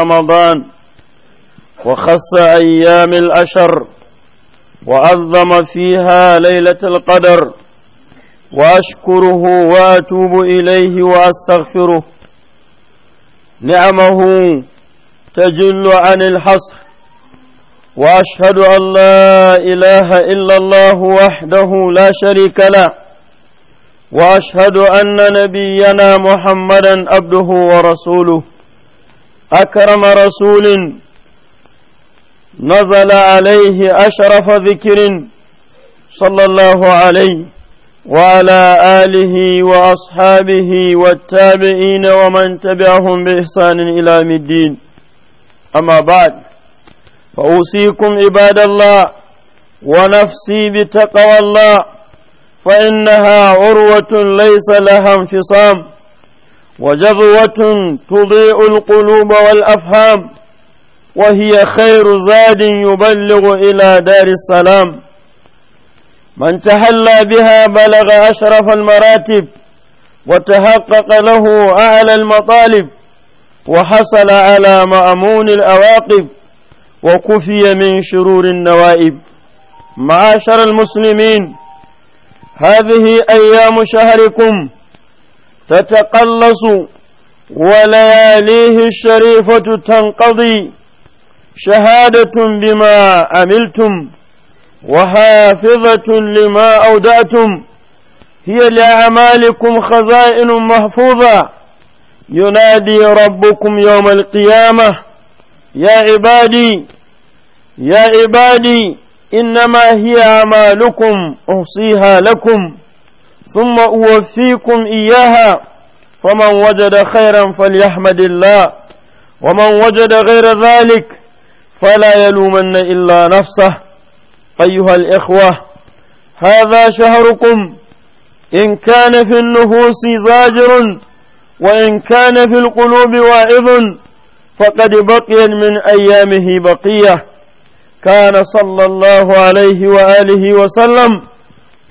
رمضان وخص أيام الأشر وأظم فيها ليلة القدر وأشكره وأتوب إليه وأستغفره نعمه تجل عن الحصر وأشهد أن لا إله إلا الله وحده لا شريك له وأشهد أن نبينا محمدا عبده ورسوله أكرم رسول نزل عليه أشرف ذكر صلى الله عليه وعلى آله وأصحابه والتابعين ومن تبعهم بإحسان إلى الدين أما بعد فأوصيكم عباد الله ونفسي بتقوى الله فإنها عروة ليس لها انفصام وجذوة تضيء القلوب والأفهام وهي خير زاد يبلغ إلى دار السلام من تحلى بها بلغ أشرف المراتب وتحقق له أعلى المطالب وحصل على مأمون الأواقب وكفي من شرور النوائب معاشر المسلمين هذه أيام شهركم تتقلص ولياليه الشريفة تنقضي شهادة بما عملتم وحافظة لما أودعتم هي لأعمالكم خزائن محفوظة ينادي ربكم يوم القيامة يا عبادي يا عبادي إنما هي أعمالكم أحصيها لكم ثم أوفيكم إياها فمن وجد خيرا فليحمد الله ومن وجد غير ذلك فلا يلومن إلا نفسه أيها الإخوة هذا شهركم إن كان في النفوس زاجر وإن كان في القلوب واعظ فقد بقي من أيامه بقية كان صلى الله عليه وآله وسلم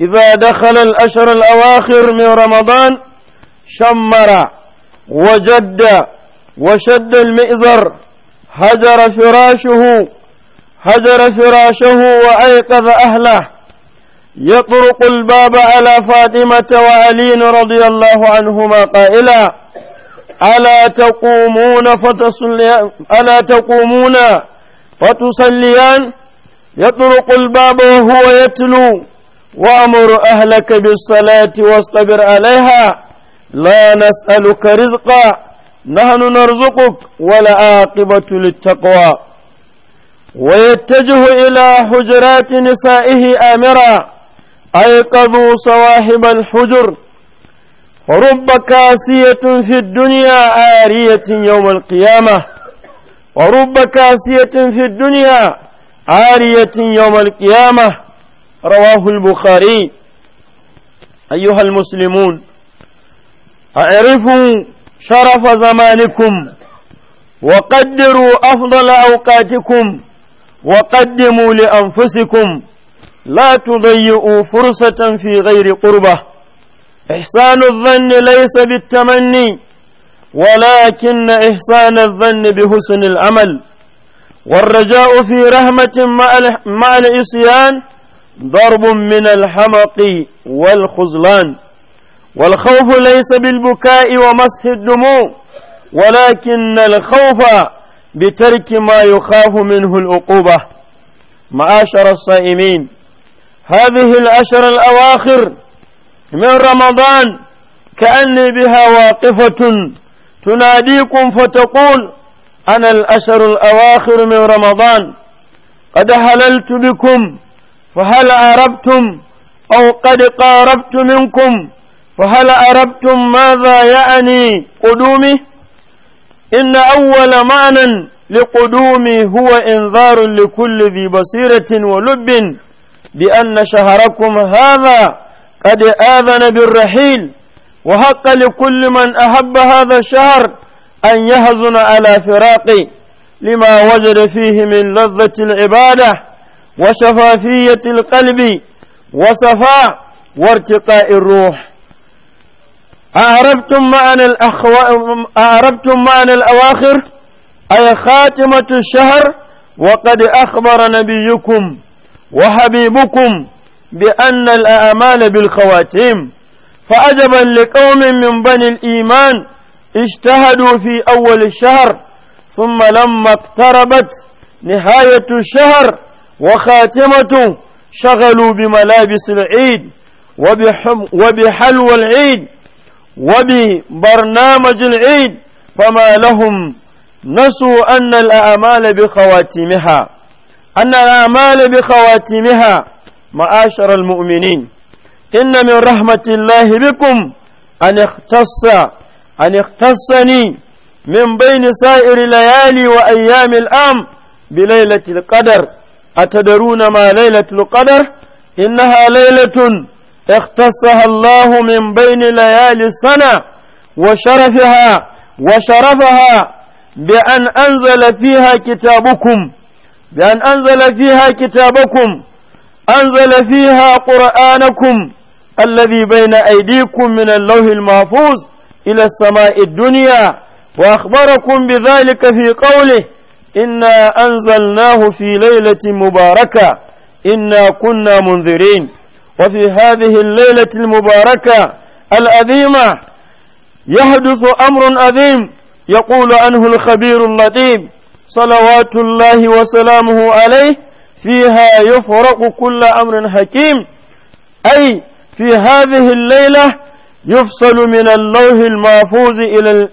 إذا دخل الأشهر الأواخر من رمضان شمر وجد وشد المئزر هجر فراشه هجر فراشه وأيقظ أهله يطرق الباب على فاطمة وعلي رضي الله عنهما قائلا ألا تقومون فتصلي ألا تقومون فتصليان يطرق الباب وهو يتلو وأمر أهلك بالصلاة واصطبر عليها لا نسألك رزقا نحن نرزقك ولا عاقبة للتقوى ويتجه إلى حجرات نسائه آمرا أيقظوا صواحب الحجر ورب كاسية في الدنيا عارية يوم القيامة ورب كاسية في الدنيا عارية يوم القيامة رواه البخاري أيها المسلمون اعرفوا شرف زمانكم وقدروا أفضل أوقاتكم وقدموا لأنفسكم لا تضيئوا فرصة في غير قربة إحسان الظن ليس بالتمني ولكن إحسان الظن بحسن العمل والرجاء في رحمة مع العصيان ضرب من الحمق والخزلان والخوف ليس بالبكاء ومسح الدموع ولكن الخوف بترك ما يخاف منه العقوبة معاشر الصائمين هذه الأشر الأواخر من رمضان كأني بها واقفة تناديكم فتقول أنا الأشر الأواخر من رمضان قد هللت بكم فهل أربتم أو قد قاربت منكم فهل أربتم ماذا يعني قدومي إن أول معنى لقدومي هو إنذار لكل ذي بصيرة ولب بأن شهركم هذا قد آذن بالرحيل وحق لكل من أحب هذا الشهر أن يهزن على فراقي لما وجد فيه من لذة العبادة وشفافية القلب وصفاء وارتقاء الروح أعربتم معنى الأخو... أعربتم معنى الأواخر أي خاتمة الشهر وقد أخبر نبيكم وحبيبكم بأن الأعمال بالخواتيم فعجبا لقوم من بني الإيمان اجتهدوا في أول الشهر ثم لما اقتربت نهاية الشهر وخاتمة شغلوا بملابس العيد وبحلوى العيد وببرنامج العيد فما لهم نسوا أن الأعمال بخواتمها أن الأعمال بخواتمها معاشر المؤمنين إن من رحمة الله بكم أن اختص أن اختصني من بين سائر ليالي وأيام الأم بليلة القدر أتدرون ما ليلة القدر إنها ليلة اختصها الله من بين ليالي السنة وشرفها وشرفها بأن أنزل فيها كتابكم بأن أنزل فيها كتابكم أنزل فيها قرآنكم الذي بين أيديكم من اللوح المحفوظ إلى السماء الدنيا وأخبركم بذلك في قوله إنا أنزلناه في ليلة مباركة إنا كنا منذرين وفي هذه الليلة المباركة الأذيمة يحدث أمر أذيم يقول عنه الخبير اللطيف صلوات الله وسلامه عليه فيها يفرق كل أمر حكيم أي في هذه الليلة يفصل من اللوح المحفوظ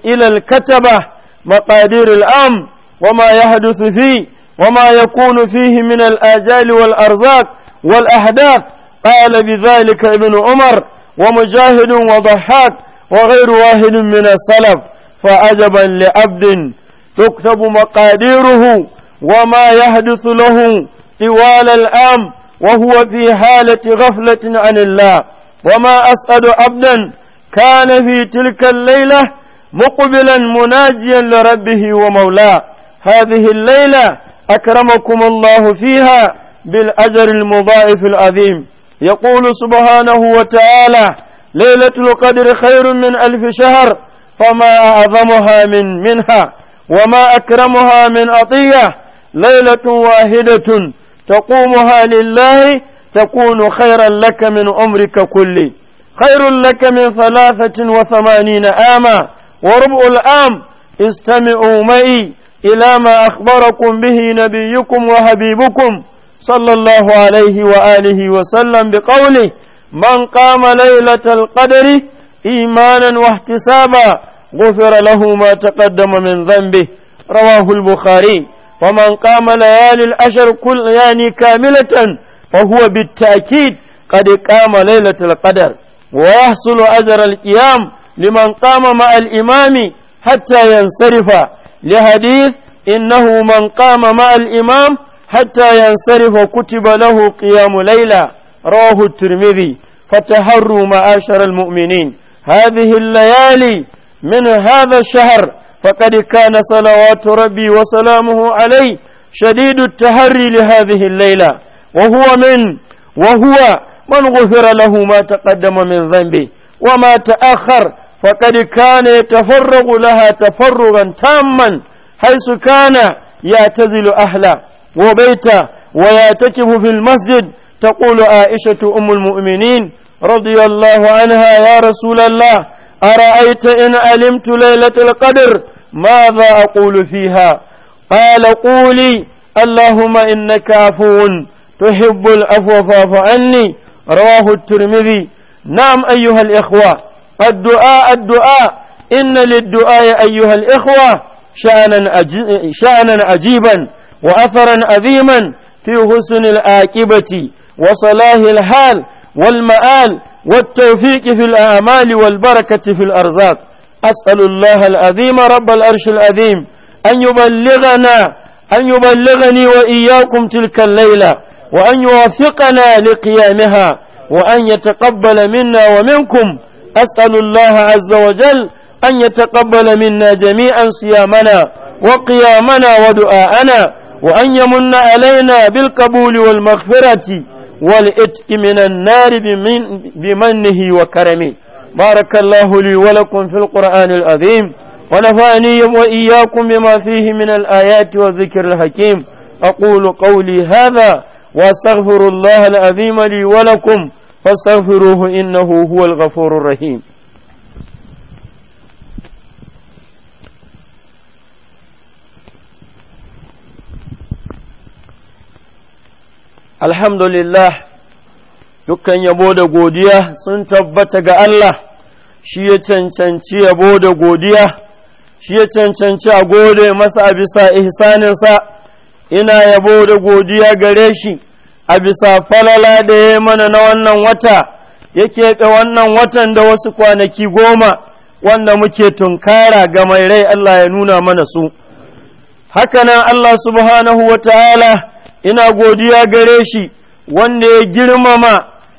إلى الكتبة مقادير الأمر وما يحدث فيه وما يكون فيه من الآجال والأرزاق والأحداث قال بذلك ابن عمر ومجاهد وضحاك وغير واحد من السلف فعجبا لعبد تكتب مقاديره وما يحدث له طوال العام وهو في حالة غفلة عن الله وما أسأل عبدا كان في تلك الليلة مقبلا مناجيا لربه ومولاه هذه الليلة أكرمكم الله فيها بالأجر المضاعف العظيم يقول سبحانه وتعالى ليلة القدر خير من ألف شهر فما أعظمها من منها وما أكرمها من أطية ليلة واحدة تقومها لله تكون خيرا لك من عمرك كله خير لك من ثلاثة وثمانين آما وربع الآم استمعوا معي إلى ما أخبركم به نبيكم وحبيبكم صلى الله عليه وآله وسلم بقوله من قام ليلة القدر إيمانا واحتسابا غفر له ما تقدم من ذنبه رواه البخاري ومن قام ليالي الأشر كل يعني كاملة فهو بالتأكيد قد قام ليلة القدر ويحصل أجر القيام لمن قام مع الإمام حتى ينصرف لحديث إنه من قام مع الإمام حتى ينصرف كتب له قيام ليلة رواه الترمذي فتحروا معاشر المؤمنين هذه الليالي من هذا الشهر فقد كان صلوات ربي وسلامه عليه شديد التحري لهذه الليلة وهو من وهو من غفر له ما تقدم من ذنبه وما تأخر فقد كان يتفرغ لها تفرغا تاما حيث كان يعتزل أهله وبيته ويعتكف في المسجد تقول عائشة أم المؤمنين رضي الله عنها يا رسول الله أرأيت إن علمت ليلة القدر ماذا أقول فيها قال قولي اللهم إنك عفو تحب العفو فاعف عني رواه الترمذي نعم أيها الإخوة الدعاء الدعاء إن للدعاء أيها الإخوة شأنا, شأنا عجيبا وأثرا عظيما في حسن العاقبة وصلاح الحال والمآل والتوفيق في الأعمال والبركة في الأرزاق أسأل الله العظيم رب الأرش العظيم أن يبلغنا أن يبلغني وإياكم تلك الليلة وأن يوفقنا لقيامها وأن يتقبل منا ومنكم أسأل الله عز وجل أن يتقبل منا جميعا صيامنا وقيامنا ودعاءنا وأن يمن علينا بالقبول والمغفرة والإتق من النار بمنه وكرمه بارك الله لي ولكم في القرآن العظيم ونفعني وإياكم بما فيه من الآيات والذكر الحكيم أقول قولي هذا وأستغفر الله العظيم لي ولكم فاستغفروه إنه هو الغفور الرحيم Alhamdulillah, dukkan yabo da godiya sun tabbata ga Allah, shi ya cancanci yabo da godiya, shi ya cancanci a gode masa a bisa ihsaninsa, ina yabo da godiya gare shi. a bisa falala da ya mana na wannan wata ya keɓe wannan watan da wasu kwanaki goma wanda muke tunkara ga mai rai Allah ya nuna mana su. Hakanan Allah subhanahu wa ta'ala ina godiya gare shi wanda ya girmama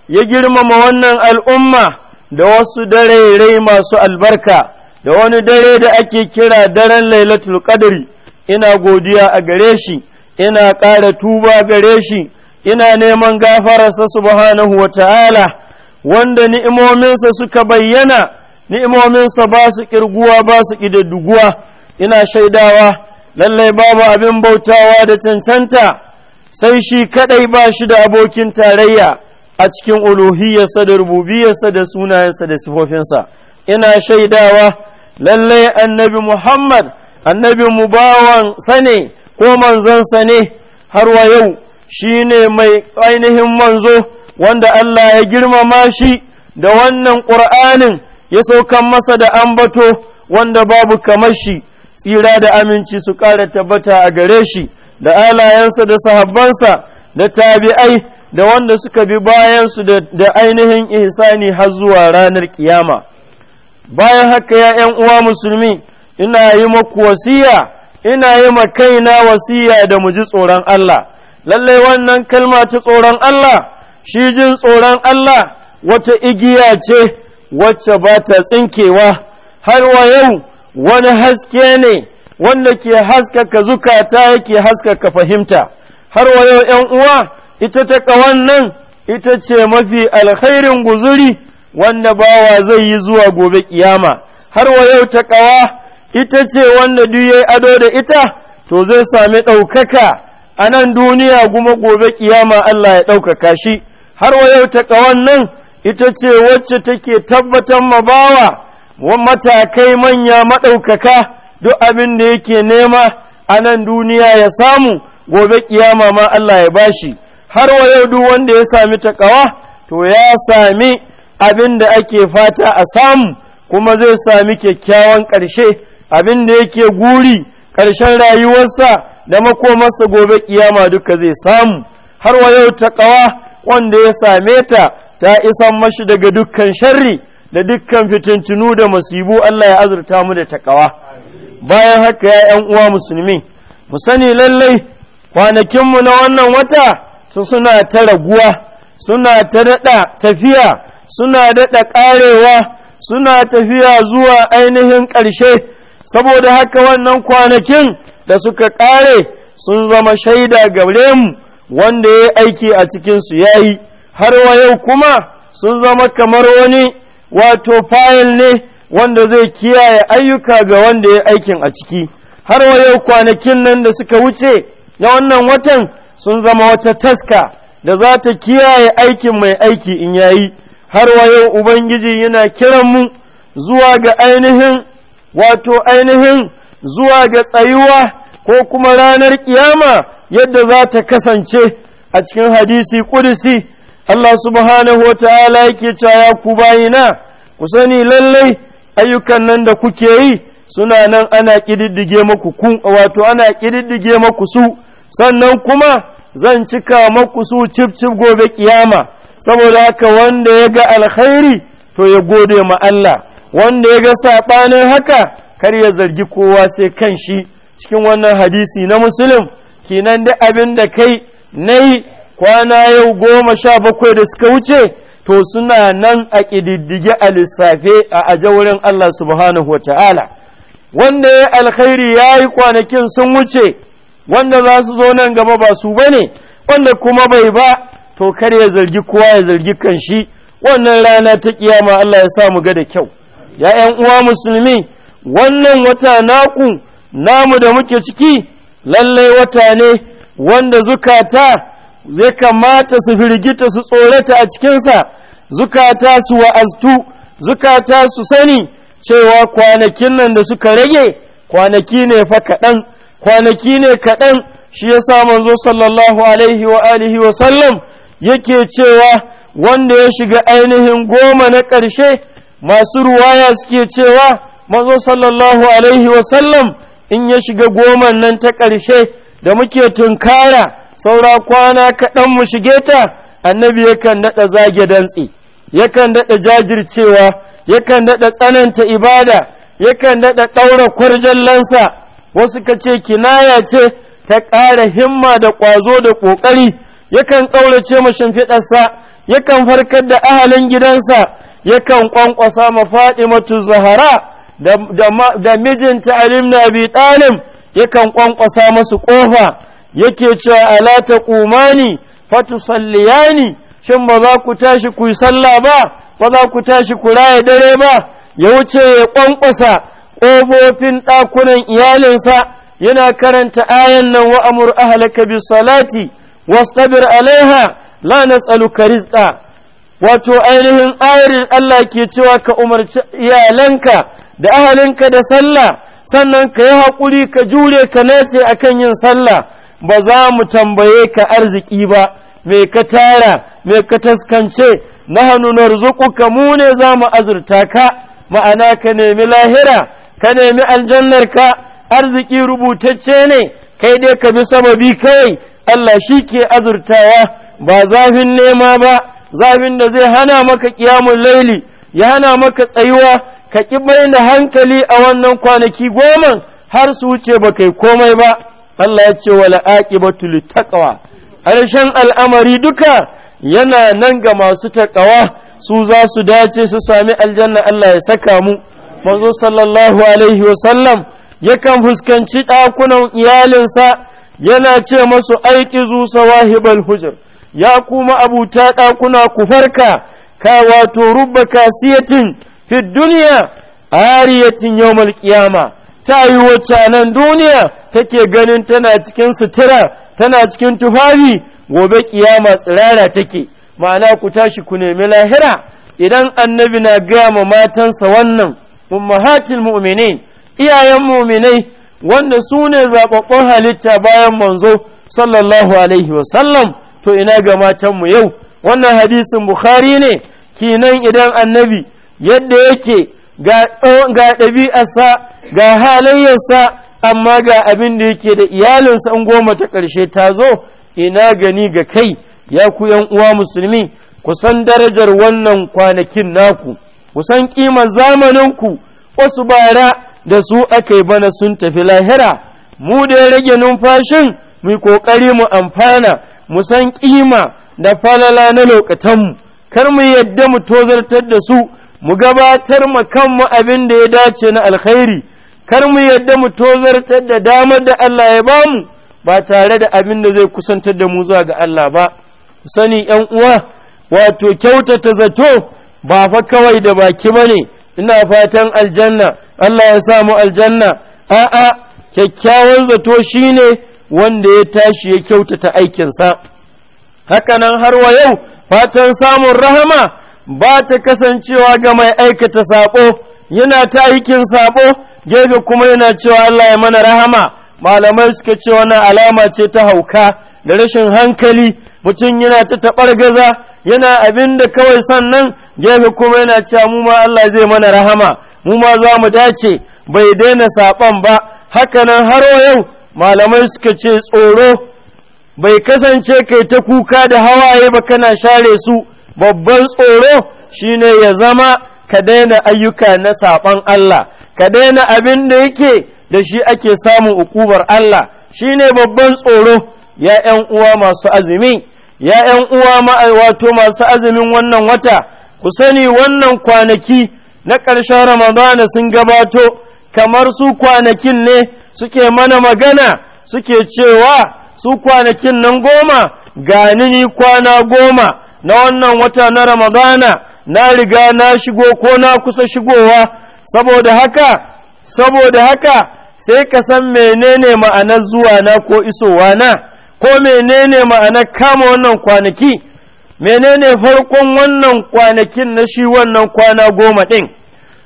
ya girmama wannan al'umma da wasu dare rai masu albarka da wani dare da ake kira daren lailatul qadri ina godiya a gare shi ina ƙara tuba gare shi ina neman gafararsa subhanahu wa ta'ala wanda ni'imominsa suka bayyana ni'imominsa ba su ƙirguwa ba su ina shaidawa lallai babu abin bautawa da cancanta sai shi kaɗai ba shi da abokin tarayya a cikin uluhiyarsa da rububiyarsa da sunayensa da sifofinsa ina shaidawa lallai annabi muhammad annabi mu bawan ne ko manzansa ne har wa yau shi ne mai ainihin manzo wanda Allah ya girmama shi da wannan ƙur'anin ya saukan masa da ambato wanda babu kamar shi tsira da aminci su ƙara tabbata a gare shi da alayensa da sahabbansa da tabi'ai da wanda suka bi bayansu da ainihin ihsani har zuwa ranar kiyama bayan haka ya 'yan uwa musulmi ina yi maku wasiya ina yi ma kaina wasiya da mu ji tsoron Allah lallai wannan kalma ta tsoron Allah shi jin tsoron Allah wata igiya ce wacce ba ta tsinkewa har wa yau wani haske ne wanda ke haskaka zukata yake haskaka fahimta har wa yau ‘yan uwa ita ta nan ita ce mafi alkhairin guzuri wanda bawa zai yi zuwa gobe kiyama har wa yau ta ƙawa ita ce wanda duk yayi ado da ita to zai sami ɗaukaka a nan duniya kuma gobe kiyama Allah ya ɗaukaka shi har wa yau taƙawan nan ita ce wacce take tabbatar ma bawa matakai manya maɗaukaka duk abin da yake nema a nan duniya ya samu gobe kiyama ma Allah ya bashi har wa yau duk wanda ya sami ta ƙawa to ya sami abin da ake fata a samu kuma zai sami kyakkyawan ƙarshe abin da yake guri ƙarshen rayuwarsa da makomarsa gobe kiyama duka zai samu har wa yau ta ƙawa wanda ya same ta ta isa mashi daga dukkan sharri da dukkan fitintunu da masibu Allah ya azurta mu da ƙawa. bayan haka ya ‘yan uwa musulmi mu sani lallai kwanakinmu na wannan wata suna ta raguwa suna ta daɗa tafiya suna daɗa ƙarewa suna tafiya zuwa ainihin ƙarshe saboda haka wannan kwanakin da suka ƙare sun zama shaida gare mu wanda ya aiki a cikinsu ya yi har wa yau kuma sun zama kamar wani wato fayil ne wanda zai kiyaye ayyuka ga wanda ya aikin a ciki har wa yau kwanakin nan da suka wuce na wannan watan sun zama wata taska da za ta kiyaye aikin mai aiki in yayi har wa yau ubangiji yana kiran mu zuwa ga ainihin wato ainihin zuwa ga tsayuwa ko kuma ranar kiyama yadda za ta kasance a cikin hadisi ƙudisi Allah subhanahu wa ta'ala yake cewa ya ku bayina ku sani lallai ayyukan nan da kuke yi suna nan ana ƙididdige maku kun wato ana ƙididdige maku su sannan kuma zan cika maku su cif cif gobe kiyama saboda haka wanda ya ga alkhairi to ya gode ma Allah wanda ya ga saɓanin haka kar ya zargi kowa sai kan shi cikin wannan hadisi na musulun kinan da abin da kai na yi kwana yau goma sha bakwai da suka wuce to suna nan a ƙididdige a lissafe a ajawurin Allah subhanahu wa ta'ala wanda ya alkhairi ya yi kwanakin sun wuce wanda za su zo nan gaba ba su ba ne wanda kuma bai ba to kar ya zargi kowa ya zargi kan shi wannan rana ta ƙiyama Allah ya sa mu ga da kyau ya ‘yan uwa musulmi wannan wata naku namu da muke ciki lallai wata ne wanda zukata zai kamata su firgita su tsorata a cikinsa zukata su wa'aztu zukata su sani cewa kwanakin nan da suka rage kwanaki ne fa kaɗan kwanaki ne kaɗan shi ya sa manzo sallallahu alaihi wa alihi wa sallam yake cewa wanda ya shiga ainihin goma na ƙarshe masu ruwaya suke cewa mazo sallallahu alaihi wasallam in ya shiga goma nan ta ƙarshe da muke tunkara saura kwana kaɗan mu shige ta annabi yakan daɗa zage dantse yakan daɗa jajircewa yakan daɗa tsananta ibada yakan daɗa ɗaura kwarjan lansa wasu ka ce kinaya ce ta ƙara himma da ƙwazo da ƙoƙari yakan ƙaurace mashin shimfiɗarsa yakan farkar da ahalin gidansa yakan ƙwanƙwasa ma Fatimatu Zahara da mijinta Ali ibn Abi Talib yakan ƙwanƙwasa masu kofa yake cewa ala fa tusalliyani shin ba za ku tashi ku sallah ba ba za ku tashi ku raye dare ba ya wuce ya ƙwanƙwasa ƙofofin ɗakunan iyalinsa yana karanta ayan nan wa amur ahlaka bis salati wastabir alaiha la nas'aluka rizqa wato ainihin ayarin Allah ke cewa ka umarci iyalanka da ahalinka da sallah sannan ka yi haƙuri ka jure ka nace kan yin sallah ba za mu tambaye ka arziki ba me ka tara me ka taskance na hannu ka mu ne za mu azurta ka ma'ana ka nemi lahira ka nemi aljannar ka arziki rubutacce ne kai dai ka bi sababi kai Allah shi ke azurtawa ba zafin nema ba zafin da zai hana maka ƙiyamun laili ya hana maka tsayuwa ka ƙi da hankali a wannan kwanaki goma har su wuce ba kai komai ba Allah ya ce wala tuli littaqwa harshen al'amari duka yana nan ga masu taƙawa su za su dace su sami aljanna Allah ya saka mu manzo sallallahu alaihi wa sallam yakan fuskanci ɗakunan iyalinsa yana ce masu aiki zu sawahibal hujr ya kuma abuta ɗakuna ku farka ka wato rubba kasiyatin fi duniya ariyatin yawmal qiyama ta yi wacce nan duniya take ganin tana cikin sutura tana cikin tufafi gobe ƙiyama tsirara take ma'ana ku tashi ku nemi lahira idan annabi na gaya ma matansa wannan ummahatil mu'minin iyayen mu'minai wanda su ne zaɓaɓɓun halitta bayan manzo sallallahu alaihi wasallam to ina ga matanmu yau wannan hadisin bukhari ne kinan idan annabi yadda yake ga ɗabi'arsa ga halayyarsa amma ga abin da yake da iyalinsa in goma ta ƙarshe ta zo ina gani ga kai ya ku yan uwa musulmi kusan darajar wannan kwanakin naku kusan zamanin ku wasu bara da su aka yi bana sun tafi lahira mu da ya rage numfashin mu yi ƙoƙari mu amfana mu san ƙima da falala na lokatanmu kar mu yadda mu tozartar da su mu gabatar ma kanmu abin da ya dace na alkhairi kar mu yadda mu tozartar da damar da Allah ya bamu ba tare da abin da zai kusantar da mu zuwa ga Allah ba ku sani ƴan uwa wato kyautata zato ba fa kawai da baki bane ina fatan aljanna Allah ya samu aljanna a'a kyakkyawan zato shine wanda ya tashi ya kyautata aikinsa hakanan har wa yau fatan samun rahama ba ta kasancewa ga mai aikata saɓo yana ta aikin saɓo gefe kuma yana cewa Allah ya mana rahama malamai suka ce wannan alama ce ta hauka da rashin hankali mutum yana ta taɓar gaza yana abin da kawai sannan gefe kuma yana cewa mu ma Allah zai mana rahama mu ma za mu dace bai daina saɓon ba hakanan har yau malamai suka ce tsoro bai kasance kai ta kuka da hawaye ba kana share su babban tsoro shine ya zama ka daina ayyuka na saɓan Allah ka daina abin da yake da shi ake samun ukubar Allah shine babban tsoro ya ‘yan uwa masu azumi ya uwa wato masu azumin wannan wata ku sani wannan kwanaki na ƙarshen Ramadana sun gabato kamar su kwanakin ne suke mana magana suke cewa su kwanakin nan goma gani ni kwana goma na wannan wata na ramadana na riga na shigo ko na kusa shigowa saboda haka saboda haka sai ka san menene ma'anar zuwa na ko isowa na ko menene ma'anar kama wannan kwanaki menene farkon wannan kwanakin na shi wannan kwana goma ɗin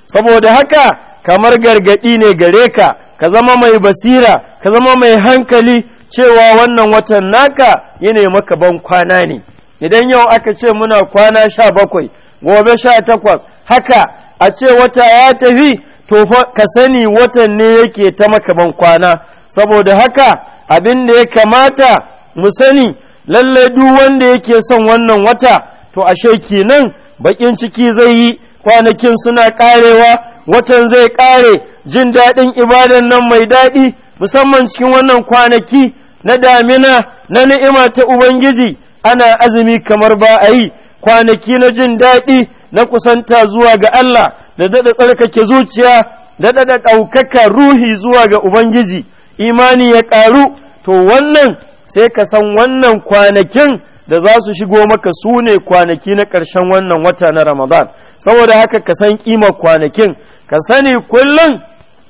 saboda haka kamar gargaɗi ne gare ka ka zama mai basira ka zama mai hankali cewa wannan watan naka yana maka ban kwana ne idan yau aka ce muna kwana sha bakwai gobe sha takwas haka a ce wata ya tafi to ka sani watan ne yake ta maka ban kwana saboda haka abin da ya kamata mu sani lallai duk wanda yake son wannan wata to ashe kenan bakin ciki zai yi kwanakin suna ƙarewa watan zai ƙare jin daɗin ibadan nan mai daɗi musamman cikin wannan kwanaki na damina na ni'ima ta Ubangiji ana azumi kamar ba a yi kwanaki na jin daɗi na kusanta zuwa ga Allah da daɗa tsarkake zuciya da daɗa ɗaukaka ruhi zuwa ga Ubangiji imani ya ƙaru to wannan sai ka san wannan kwanakin da za su shigo maka su ne kwanaki na ƙarshen wannan wata na Ramadan saboda haka ka san kimar kwanakin ka sani kullum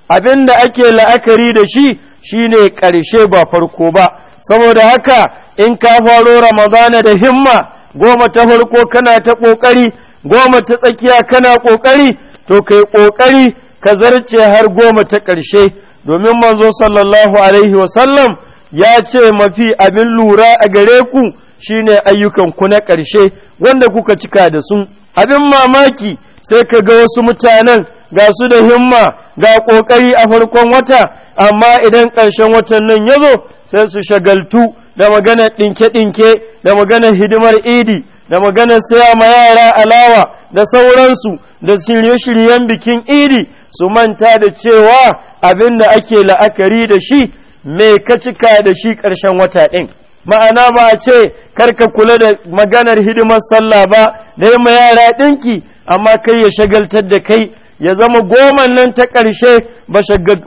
abin da ake la'akari da shi shine ƙarshe ba farko ba saboda haka in ka faro ramadana da himma goma ta farko kana ta ƙoƙari goma ta tsakiya kana ƙoƙari to kai ƙoƙari ka zarce har goma ta ƙarshe domin manzo sallallahu alaihi wasallam ya ce mafi abin lura a gare ku shine ayyukan ku na ƙarshe wanda kuka cika da su abin mamaki sai ka ga wasu mutanen ga su da himma ga ƙoƙari a farkon wata amma idan ƙarshen watan nan ya zo sai su shagaltu da magana ɗinke-ɗinke da magana hidimar idi da magana saya ma yara alawa da sauransu da shirye-shiryen bikin idi su manta da cewa abin da ake la'akari da shi me ka cika da shi ƙarshen wata ɗin. ma'ana ba a ce karka kula da maganar hidimar sallah ba da yi ma yara ɗinki amma kai ya shagaltar da kai ya zama goma nan ta ƙarshe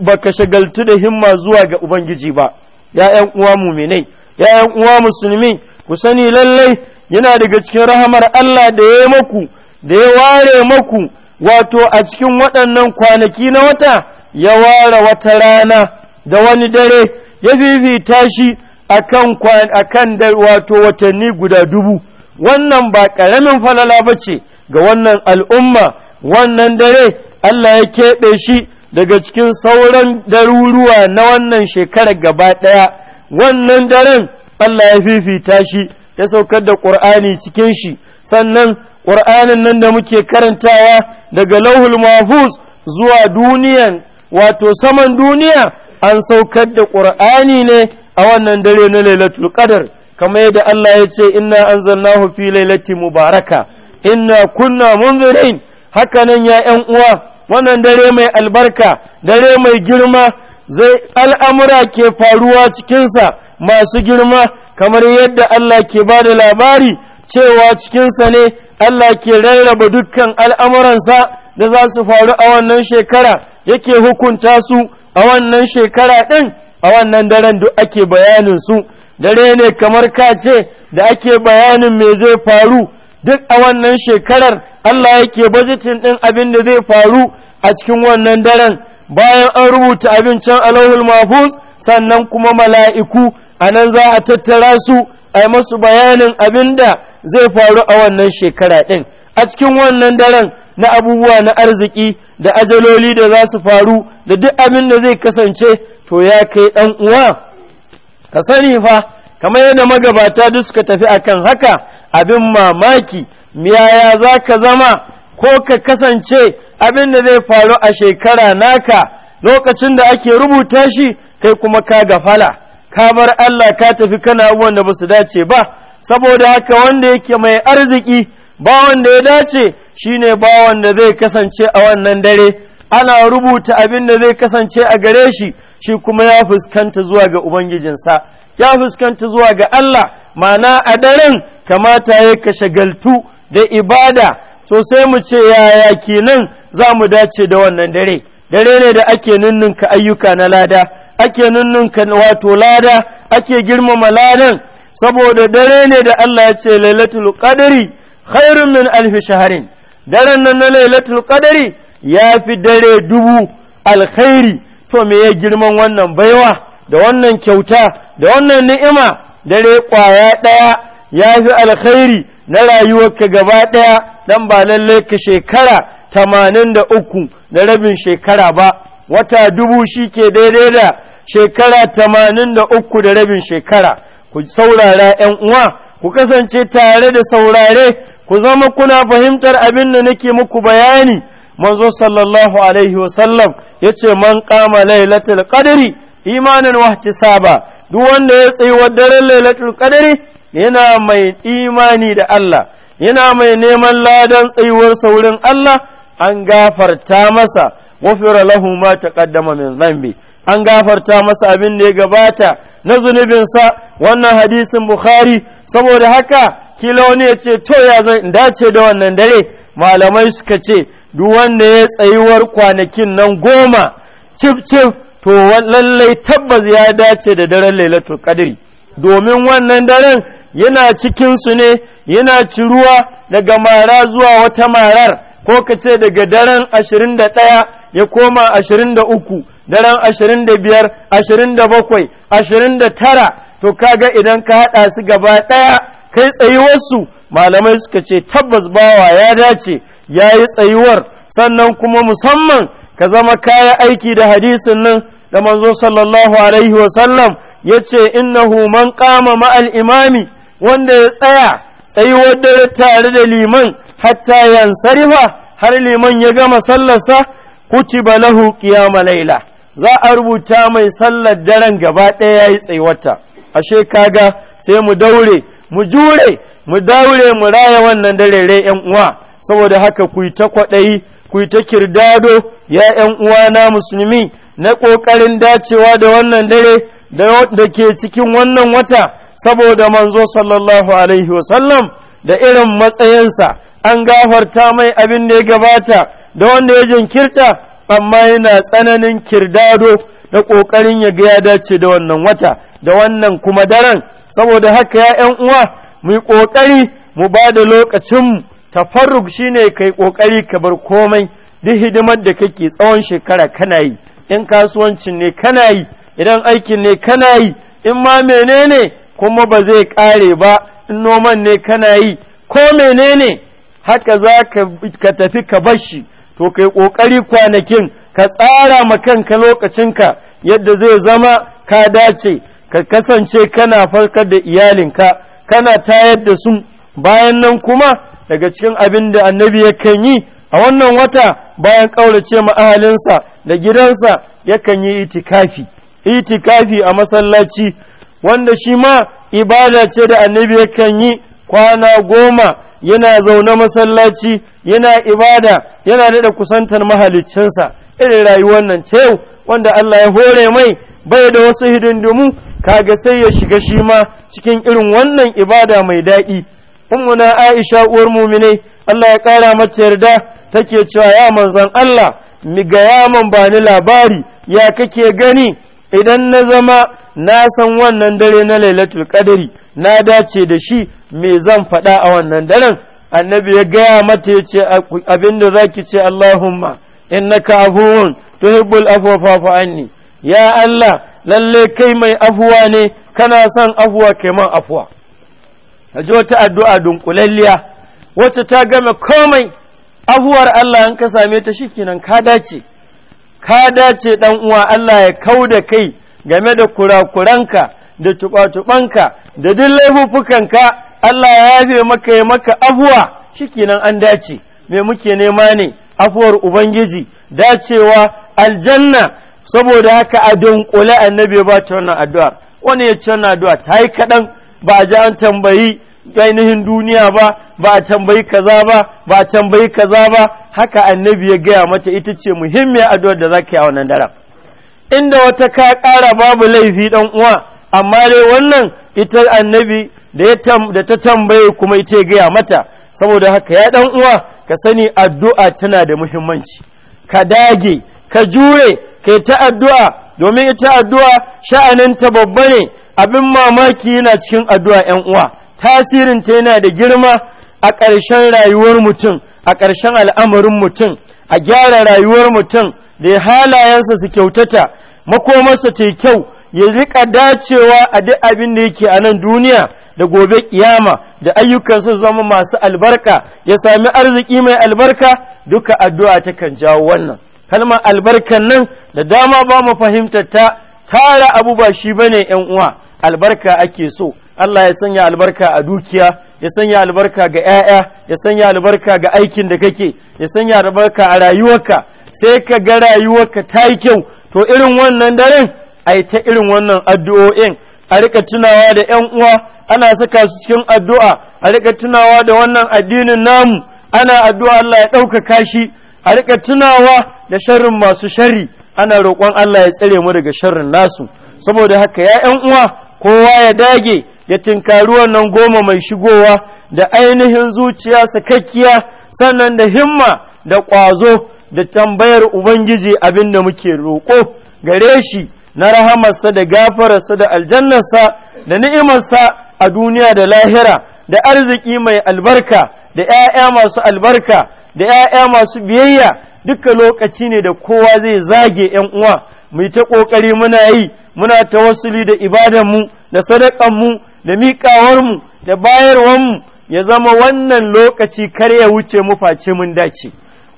ba ka shagaltu da himma zuwa ga ubangiji ba ‘ya'yan uwa muminai ‘ya'yan uwa musulmi ku sani lallai yana daga cikin rahamar Allah da ya yi maku da ya ware maku wato a cikin waɗannan kwanaki na wata ya ware wata rana da wani dare ya fifita shi akan da wato watanni guda dubu wannan ba ƙaramin falala ba ce ga wannan al'umma wannan dare Allah ya keɓe shi daga cikin sauran daruruwa na wannan shekarar gaba ɗaya wannan daren Allah ya fifita shi ya saukar da ƙur'ani cikin shi sannan ƙur'anin nan da muke karantawa daga lauhul mahfuz zuwa duniyan wato saman duniya an saukar da ƙur'ani ne a wannan dare na lailatul qadar kamar yadda Allah ya ce inna anzalnahu fi lailati mubaraka inna kunna munzirin haka nan ya ƴan uwa wannan dare mai albarka dare mai girma zai al'amura ke faruwa cikinsa masu girma kamar yadda Allah ke ba da labari cewa cikinsa ne Allah ke rarraba dukkan al'amuransa da za su faru a wannan shekara yake hukunta su a wannan shekara ɗin a wannan daren duk ake bayanin su dare ne kamar kace da ake bayanin me zai faru duk a wannan shekarar Allah yake bajitin ɗin abin da zai faru a cikin wannan daren bayan an rubuta abincin alauhul mafuz sannan kuma mala'iku a nan za a tattara su a yi masu bayanin abin da zai faru a wannan shekara ɗin a cikin wannan daren na abubuwa na arziki da ajaloli da za su faru da duk abin da zai kasance to ya kai ɗan uwa ka sani fa kamar yadda magabata duk suka tafi akan haka abin mamaki miyaya za ka zama ko ka kasance abin da zai faru a shekara naka lokacin da ake rubuta shi kai kuma ka gafala ka bar Allah ka tafi kana abubuwan da ba su dace ba saboda haka wanda yake mai arziki bawan da ya dace shine bawan da zai kasance a wannan dare ana rubuta abin da zai kasance a gare shi shi kuma ya fuskanta zuwa ga ubangijinsa ya fuskanta zuwa ga Allah mana a daren kamata ya ka shagaltu da ibada to sai mu ce ya yaya nan za mu dace da wannan dare dare ne da ake ninninka ayyuka na lada ake ninninka wato lada ake girmama ladan saboda dare ne da Allah ya ce lailatul qadri khairun min alfi shaharin daren nan na lailatul qadari ya fi dare dubu alkhairi to me ya girman wannan baiwa da wannan kyauta da wannan ni'ima dare kwaya ɗaya ya fi alkhairi na rayuwarka gaba ɗaya dan ba lallai ka shekara tamanin da uku da rabin shekara ba wata dubu shi ke daidai da shekara tamanin da uku da rabin shekara ku saurara ‘yan uwa ku kasance tare da saurare ku zama kuna fahimtar abin da nake muku bayani manzo sallallahu alaihi wasallam ya ce man kama lailatul qadri imanin saba duk wanda ya tsayuwa daren lailatul qadri yana mai imani da Allah yana mai neman ladan tsayuwar saurin Allah an gafarta masa wafira lahu ma taqaddama min zambi an gafarta masa abin da ya gabata na zunubinsa wannan hadisin bukhari saboda haka kila wani ya ce to ya zan dace da wannan dare malamai suka ce duk wanda ya tsayuwar kwanakin nan goma cif cif to lallai tabbas ya dace da daren lailatul kadiri domin wannan daren yana cikin su ne yana ciruwa daga mara zuwa wata marar ko ka ce daga daren ashirin da ɗaya ya koma ashirin da uku daren ashirin da biyar ashirin da bakwai ashirin da tara to kaga idan ka haɗa su gaba ɗaya kai tsayuwarsu malamai suka ce tabbas bawa ya dace ya yi tsayuwar sannan kuma musamman ka zama kaya aiki da hadisin nan da manzo sallallahu alaihi wasallam ya ce innahu man kama ma'al imami wanda ya tsaya tsayuwar dare tare da liman hatta yansarifa har liman ya gama sallarsa kutiba lahu qiyama laila za a rubuta mai sallar daren gaba ɗaya ya yi tsayuwarta ashe kaga sai mu daure mu jure mu daure mu raya wannan dare yan uwa saboda haka ku ta kwaɗayi ku ta kirdado ya yan uwa na musulmi na ƙoƙarin dacewa da wannan dare da ke cikin wannan wata saboda manzo sallallahu alaihi wasallam da irin matsayinsa an gafarta mai abin da ya gabata da wanda ya jinkirta amma yana tsananin kirdado da ƙoƙarin ya ga ya dace da wannan wata da wannan kuma daren saboda haka ya ‘yan uwa mu yi ƙoƙari mu ba da lokacinmu tafarruk shine kai ƙoƙari ka bar komai duk hidimar da kake tsawon shekara kana yi in kasuwancin ne kana yi idan aikin ne kana yi in ma menene kuma ba zai ƙare ba in noman ne kana yi ko menene haka za ka tafi ka bar shi to kai ƙoƙari kwanakin ka tsara ma kanka lokacinka yadda zai zama ka dace ka kasance kana farkar da iyalinka kana tayar da su bayan nan kuma daga cikin abin da annabi yakan yi a wannan wata bayan ƙaurace ma da gidansa yakan yi itikafi itikafi a masallaci wanda shi ma ibada ce da annabi yakan yi kwana goma yana zaune masallaci yana ibada yana daɗa kusantar mahaliccinsa irin rayuwar nan ce wanda Allah ya hore mai bai da wasu hidindimu kaga sai ya shiga shi ma cikin irin wannan ibada mai daɗi ummuna aisha uwar mumine Allah ya ƙara mata yarda take cewa ya manzon Allah mi ga yaman ba ni labari ya kake gani idan na zama na san wannan dare na lailatul qadari na dace da shi me zan faɗa a wannan daren annabi ya gaya mata ya ce abinda zaki ce Allahumma innaka afuwun tuhibbul afwa fa'fu anni ya Allah lalle kai mai afuwa ne kana son afuwa kai man afuwa a ji wata addu'a dunkulalliya wacce ta game komai afuwar Allah an ka same ta shi shikenan ka dace ka dace dan uwa Allah ya kau da kai game da kurakuranka da tuɓa da duk laifuffukanka Allah ya yafe maka ya maka afuwa shi shikenan an dace me muke nema ne afuwar Ubangiji dacewa aljanna saboda haka a dunkule annabi ya ba ta wannan addu'a, wani ya ce wannan addu'a ta yi kaɗan ba a ji an tambayi ainihin duniya ba ba a tambayi kaza ba ba a tambayi kaza ba haka annabi ya gaya mata ita ce muhimmiyar addu'ar da za ka yi a wannan daren inda wata ka ƙara babu laifi ɗan uwa amma dai wannan ita annabi da ta tambaye kuma ita ya gaya mata saboda haka ya ɗan uwa ka sani addu'a tana da muhimmanci ka dage ka jure kai ta addu'a domin ita addu'a sha'aninta babba ne abin mamaki yana cikin addu'a ‘yan uwa ta yana da girma a ƙarshen rayuwar mutum a ƙarshen al'amarin mutum a gyara rayuwar mutum da ya halayensa su kyautata makomarsa ta kyau ya riƙa dacewa a duk abin da yake a nan duniya da gobe kiyama da ayyukansa zama masu albarka ya sami arziki mai albarka duka addu'a takan jawo wannan kalmar albarkan nan da dama ba mu fahimtar ta tara abu ba shi bane yan uwa albarka ake so Allah ya sanya albarka a dukiya ya sanya albarka ga 'ya'ya ya sanya albarka ga aikin da kake ya sanya albarka a rayuwarka sai ka ga rayuwarka ta yi kyau to irin wannan daren a yi ta irin wannan addu'o'in a rika tunawa da 'yan uwa ana saka su cikin addu'a a rika tunawa da wannan addinin namu ana addu'a Allah ya ɗaukaka shi a riƙa tunawa da sharrin masu shari ana roƙon Allah ya tsare mu daga sharrin nasu saboda haka ya ƴan uwa kowa ya dage ya tinkari wannan goma mai shigowa da ainihin zuciya sakakkiya sannan da himma da ƙwazo da tambayar ubangiji abin da muke roƙo gare shi na rahamarsa da gafararsa da aljannarsa da ni'imarsa a duniya da lahira da arziki mai albarka da ‘ya'ya masu albarka da ‘ya'ya masu biyayya duka lokaci ne da kowa zai zage ‘yan uwa mu yi ta ƙoƙari muna yi muna ta wasuli da ibadanmu da sadakanmu da miƙawarmu da bayarwanmu ya zama wannan lokaci kar ya wuce mu face mun dace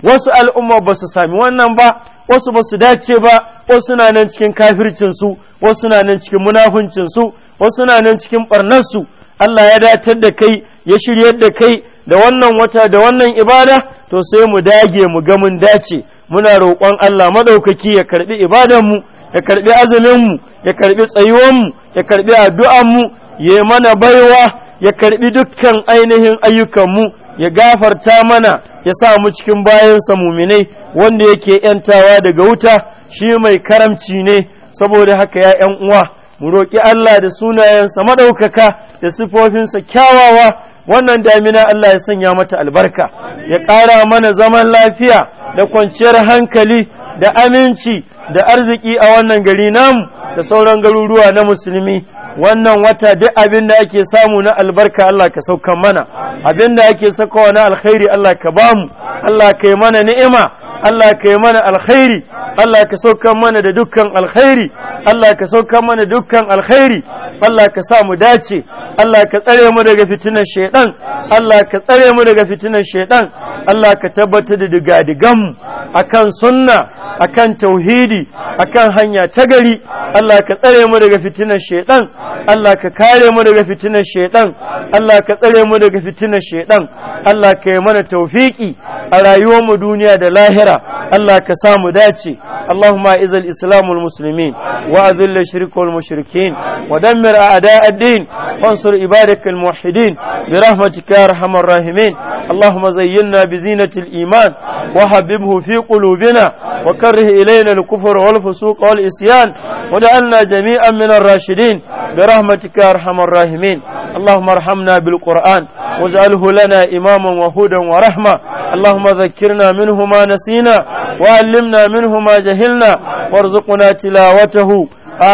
wasu al'umma ba su sami wannan ba wasu ba su dace ba wasu na nan cikin kafircinsu wasu na nan cikin munafuncinsu wasu na nan cikin ɓarnarsu Allah ya datar da kai ya shiryar da kai da wannan wata da wannan ibada to sai mu dage mu ga mun dace muna roƙon Allah madaukaki ya karbi ibadanmu ya karbi azuminmu ya karbi tsayuwanmu ya karbi addu'anmu ya mana baiwa ya karbi dukkan ainihin ayyukanmu ya gafarta mana ya sa mu cikin bayansa muminai wanda yake ‘yantawa daga wuta shi mai karamci ne saboda haka ya ‘yan uwa mu roƙi Allah da sunayensa maɗaukaka da sifofinsa kyawawa wannan damina Allah ya sanya mata albarka ya ƙara mana zaman lafiya da kwanciyar hankali da aminci da arziki a wannan gari namu da sauran garuruwa na musulmi wannan wata duk abin da ake samu na albarka Allah ka saukan mana abin da ake sakawa na alkhairi Allah ka bamu Allah ka yi mana ni'ima Allah ka yi mana alkhairi Allah ka sauka mana da dukkan alkhairi Allah ka sauka mana dukkan alkhairi Allah ka sa mu dace Allah ka tsare mu daga fitinar shaidan Allah ka tsare mu daga fitinar shaidan Allah ka tabbatar da digadigan mu akan sunna akan tauhidi akan hanya ta gari Allah ka tsare mu daga fitinar shaidan Allah ka kare mu daga fitinar shaidan Allah ka tsare mu daga fitinar shaidan Allah ka yi mana tawfiki a rayuwar mu duniya da lahira Allah ka samu dace اللهم أعز الإسلام والمسلمين وأذل الشرك والمشركين ودمر أعداء الدين وانصر عبادك الموحدين برحمتك يا أرحم الراحمين اللهم زينا بزينة الإيمان وحببه في قلوبنا وكره إلينا الكفر والفسوق والإسيان وجعلنا جميعا من الراشدين برحمتك يا أرحم الراحمين اللهم ارحمنا بالقرآن واجعله لنا إماما وهدى ورحمة اللهم ذكرنا منه ما نسينا وعلمنا منه ما جهلنا وارزقنا تلاوته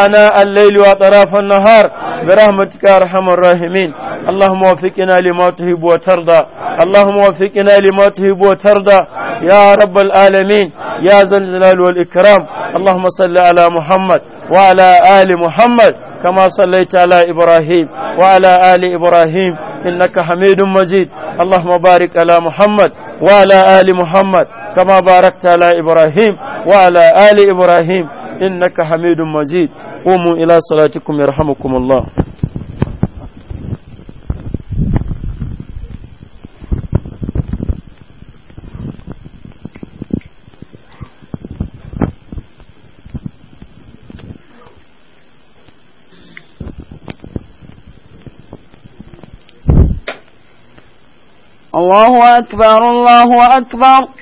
آناء الليل وأطراف النهار برحمتك يا أرحم الراحمين اللهم وفقنا لما تحب وترضى اللهم وفقنا لما تحب وترضى يا رب العالمين يا ذا الجلال والإكرام اللهم صل على محمد وعلى آل محمد كما صليت على إبراهيم وعلى آل إبراهيم إنك حميد مجيد اللهم بارك على محمد وعلى آل محمد كما باركت على إبراهيم وعلى آل إبراهيم إنك حميد مجيد قوموا إلى صلاتكم يرحمكم الله الله أكبر الله أكبر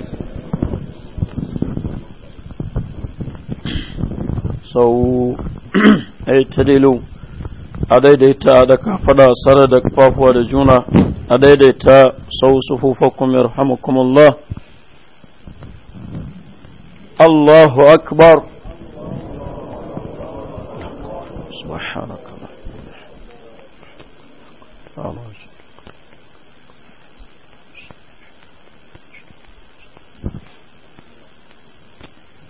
sau aitalilu a daidaita da kafada sare da kafafuwa da juna a daidaita sau sufufakum yarhamukumullah Allahu akbar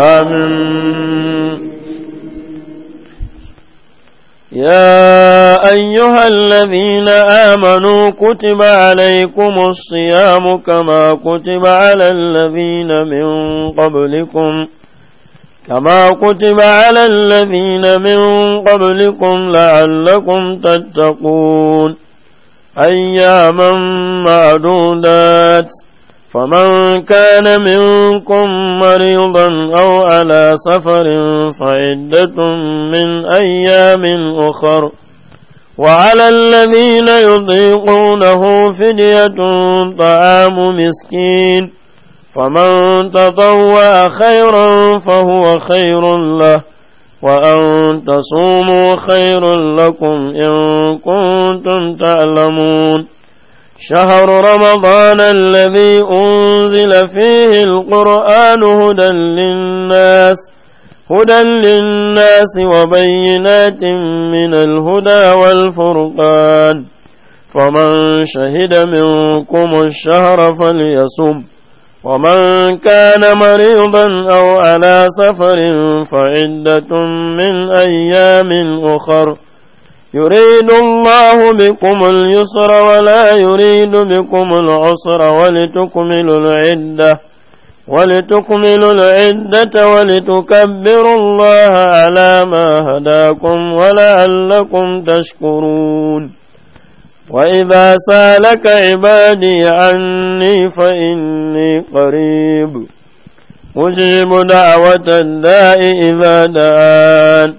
آمين يا أيها الذين آمنوا كتب عليكم الصيام كما كتب على الذين من قبلكم كما كتب على الذين من قبلكم لعلكم تتقون أياما معدودات فمن كان منكم مريضا أو على سفر فعدة من أيام أخر وعلى الذين يضيقونه فدية طعام مسكين فمن تطوى خيرا فهو خير له وأن تصوموا خير لكم إن كنتم تعلمون شهر رمضان الذي أنزل فيه القرآن هدى للناس هدى للناس وبينات من الهدى والفرقان فمن شهد منكم الشهر فليصم ومن كان مريضا أو على سفر فعدة من أيام أخر يريد الله بكم اليسر ولا يريد بكم العسر ولتكملوا العدة ولتكملوا العدة ولتكبروا الله على ما هداكم ولعلكم تشكرون وإذا سالك عبادي عني فإني قريب أجيب دعوة الداء إذا دعان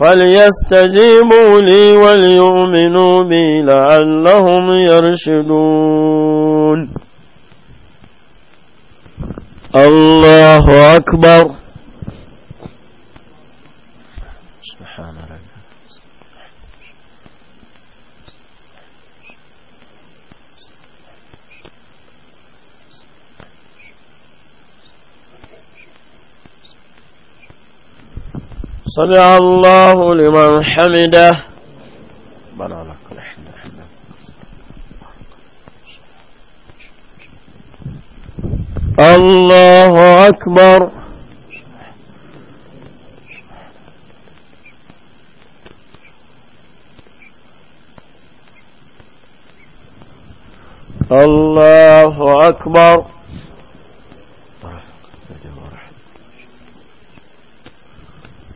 فليستجيبوا لي وليؤمنوا بي لعلهم يرشدون الله أكبر سمع الله لمن حمده بنا لك الحمد الله أكبر الله أكبر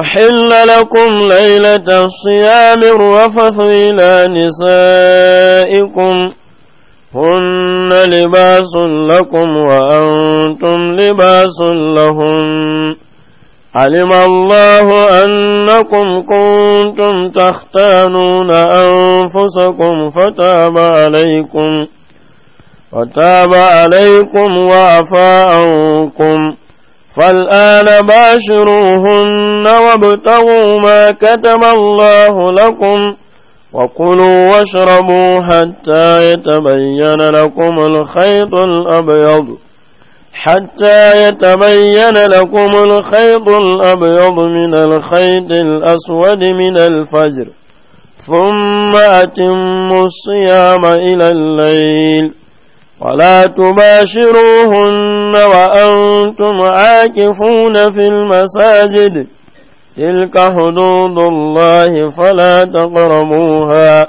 أحل لكم ليلة الصيام الرفث إلى نسائكم هن لباس لكم وأنتم لباس لهم علم الله أنكم كنتم تختانون أنفسكم فتاب عليكم فتاب عليكم وعفى عنكم فالآن باشروهن وابتغوا ما كتب الله لكم وكلوا واشربوا حتى يتبين لكم الخيط الأبيض حتى يتبين لكم الخيط الأبيض من الخيط الأسود من الفجر ثم أتموا الصيام إلى الليل ولا تباشروهن وأنتم عاكفون في المساجد تلك حدود الله فلا تقربوها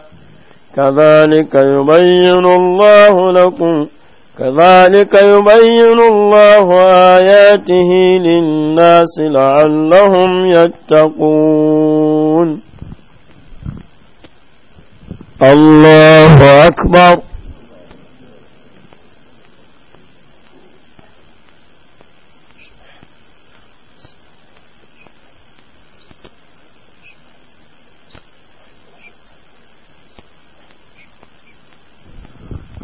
كذلك يبين الله لكم كذلك يبين الله آياته للناس لعلهم يتقون الله أكبر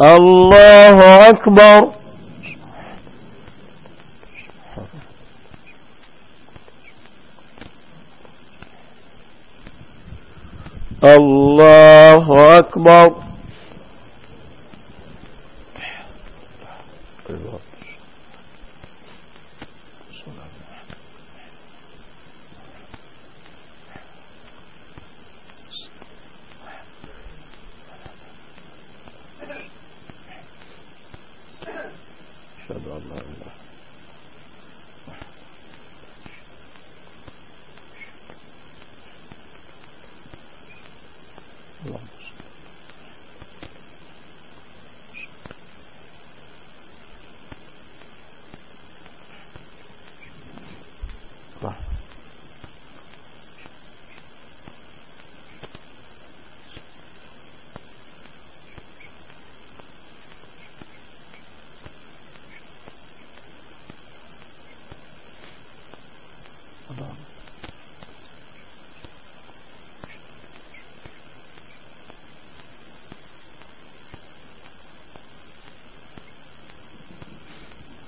الله أكبر الله أكبر